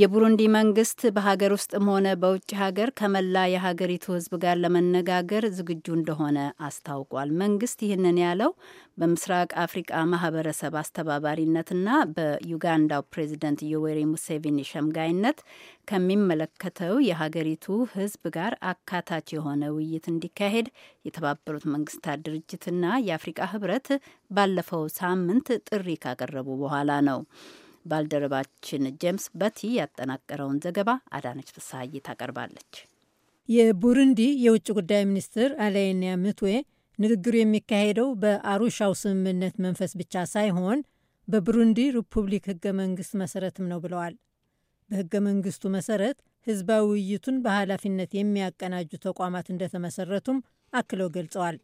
የቡሩንዲ መንግስት በሀገር ውስጥም ሆነ በውጭ ሀገር ከመላ የሀገሪቱ ህዝብ ጋር ለመነጋገር ዝግጁ እንደሆነ አስታውቋል። መንግስት ይህንን ያለው በምስራቅ አፍሪቃ ማህበረሰብ አስተባባሪነትና በዩጋንዳው ፕሬዚደንት ዮዌሪ ሙሴቪኒ ሸምጋይነት ከሚመለከተው የሀገሪቱ ህዝብ ጋር አካታች የሆነ ውይይት እንዲካሄድ የተባበሩት መንግስታት ድርጅትና የአፍሪቃ ህብረት ባለፈው ሳምንት ጥሪ ካቀረቡ በኋላ ነው። ባልደረባችን ጄምስ በቲ ያጠናቀረውን ዘገባ አዳነች ፍስሀዬ ታቀርባለች። የቡሩንዲ የውጭ ጉዳይ ሚኒስትር አላይኒያ ምትዌ ንግግሩ የሚካሄደው በአሩሻው ስምምነት መንፈስ ብቻ ሳይሆን በቡሩንዲ ሪፑብሊክ ህገ መንግስት መሰረትም ነው ብለዋል። በህገ መንግስቱ መሰረት ህዝባዊ ውይይቱን በኃላፊነት የሚያቀናጁ ተቋማት እንደተመሰረቱም አክለው ገልጸዋል።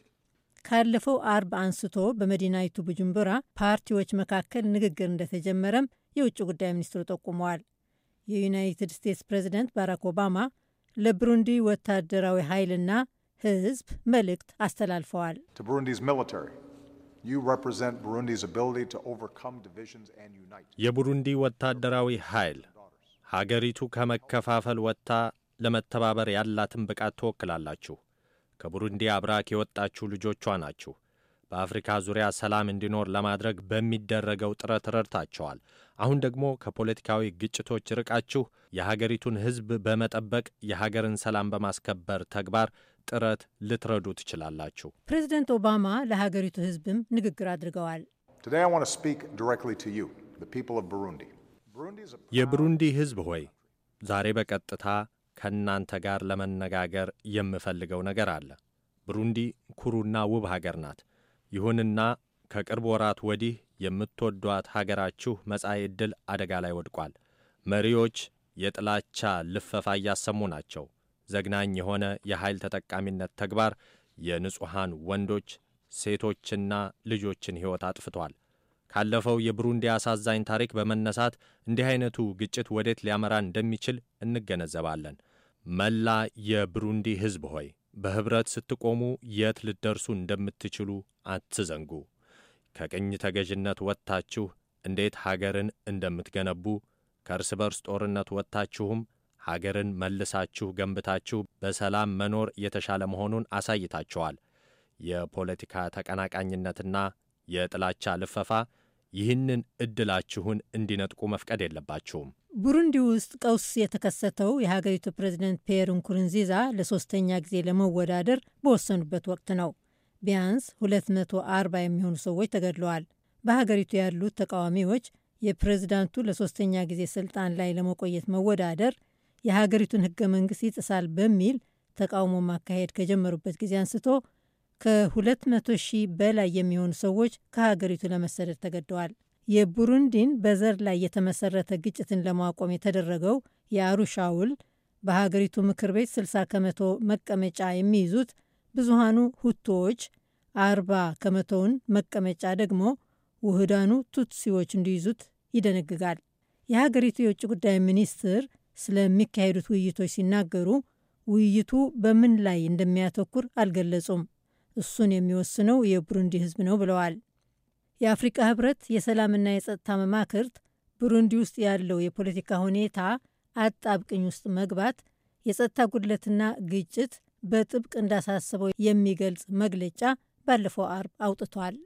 ካለፈው አርብ አንስቶ በመዲናይቱ ቡጁምቡራ ፓርቲዎች መካከል ንግግር እንደተጀመረም የውጭ ጉዳይ ሚኒስትሩ ጠቁመዋል። የዩናይትድ ስቴትስ ፕሬዚደንት ባራክ ኦባማ ለብሩንዲ ወታደራዊ ኃይልና ሕዝብ መልእክት አስተላልፈዋል። የቡሩንዲ ወታደራዊ ኃይል ሀገሪቱ ከመከፋፈል ወጥታ ለመተባበር ያላትን ብቃት ትወክላላችሁ። ከቡሩንዲ አብራክ የወጣችሁ ልጆቿ ናችሁ። በአፍሪካ ዙሪያ ሰላም እንዲኖር ለማድረግ በሚደረገው ጥረት ረድታቸዋል። አሁን ደግሞ ከፖለቲካዊ ግጭቶች ርቃችሁ የሀገሪቱን ሕዝብ በመጠበቅ የሀገርን ሰላም በማስከበር ተግባር ጥረት ልትረዱ ትችላላችሁ። ፕሬዚደንት ኦባማ ለሀገሪቱ ሕዝብም ንግግር አድርገዋል። የብሩንዲ ሕዝብ ሆይ ዛሬ በቀጥታ ከእናንተ ጋር ለመነጋገር የምፈልገው ነገር አለ። ብሩንዲ ኩሩና ውብ ሀገር ናት። ይሁንና ከቅርብ ወራት ወዲህ የምትወዷት ሀገራችሁ መጻኢ ዕድል አደጋ ላይ ወድቋል። መሪዎች የጥላቻ ልፈፋ እያሰሙ ናቸው። ዘግናኝ የሆነ የኃይል ተጠቃሚነት ተግባር የንጹሐን ወንዶች ሴቶችና ልጆችን ሕይወት አጥፍቷል። ካለፈው የብሩንዲ አሳዛኝ ታሪክ በመነሳት እንዲህ አይነቱ ግጭት ወዴት ሊያመራ እንደሚችል እንገነዘባለን። መላ የብሩንዲ ሕዝብ ሆይ በኅብረት ስትቆሙ የት ልትደርሱ እንደምትችሉ አትዘንጉ። ከቅኝ ተገዥነት ወጥታችሁ እንዴት ሀገርን እንደምትገነቡ ከእርስ በርስ ጦርነት ወጥታችሁም ሀገርን መልሳችሁ ገንብታችሁ በሰላም መኖር የተሻለ መሆኑን አሳይታችኋል። የፖለቲካ ተቀናቃኝነትና የጥላቻ ልፈፋ ይህንን እድላችሁን እንዲነጥቁ መፍቀድ የለባችሁም። ቡሩንዲ ውስጥ ቀውስ የተከሰተው የሀገሪቱ ፕሬዚደንት ፒየር ንኩርንዚዛ ለሶስተኛ ጊዜ ለመወዳደር በወሰኑበት ወቅት ነው። ቢያንስ 240 የሚሆኑ ሰዎች ተገድለዋል። በሀገሪቱ ያሉት ተቃዋሚዎች የፕሬዚዳንቱ ለሶስተኛ ጊዜ ስልጣን ላይ ለመቆየት መወዳደር የሀገሪቱን ህገ መንግስት ይጥሳል በሚል ተቃውሞ ማካሄድ ከጀመሩበት ጊዜ አንስቶ ከ200 ሺህ በላይ የሚሆኑ ሰዎች ከሀገሪቱ ለመሰደድ ተገደዋል። የቡሩንዲን በዘር ላይ የተመሰረተ ግጭትን ለማቆም የተደረገው የአሩሻ ውል በሀገሪቱ ምክር ቤት 60 ከመቶ መቀመጫ የሚይዙት ብዙሃኑ ሁቶዎች፣ 40 ከመቶውን መቀመጫ ደግሞ ውህዳኑ ቱትሲዎች እንዲይዙት ይደነግጋል። የሀገሪቱ የውጭ ጉዳይ ሚኒስትር ስለሚካሄዱት ውይይቶች ሲናገሩ ውይይቱ በምን ላይ እንደሚያተኩር አልገለጹም። እሱን የሚወስነው የቡሩንዲ ህዝብ ነው ብለዋል። የአፍሪቃ ህብረት የሰላምና የጸጥታ መማክርት ቡሩንዲ ውስጥ ያለው የፖለቲካ ሁኔታ አጣብቅኝ ውስጥ መግባት፣ የጸጥታ ጉድለትና ግጭት በጥብቅ እንዳሳሰበው የሚገልጽ መግለጫ ባለፈው አርብ አውጥቷል።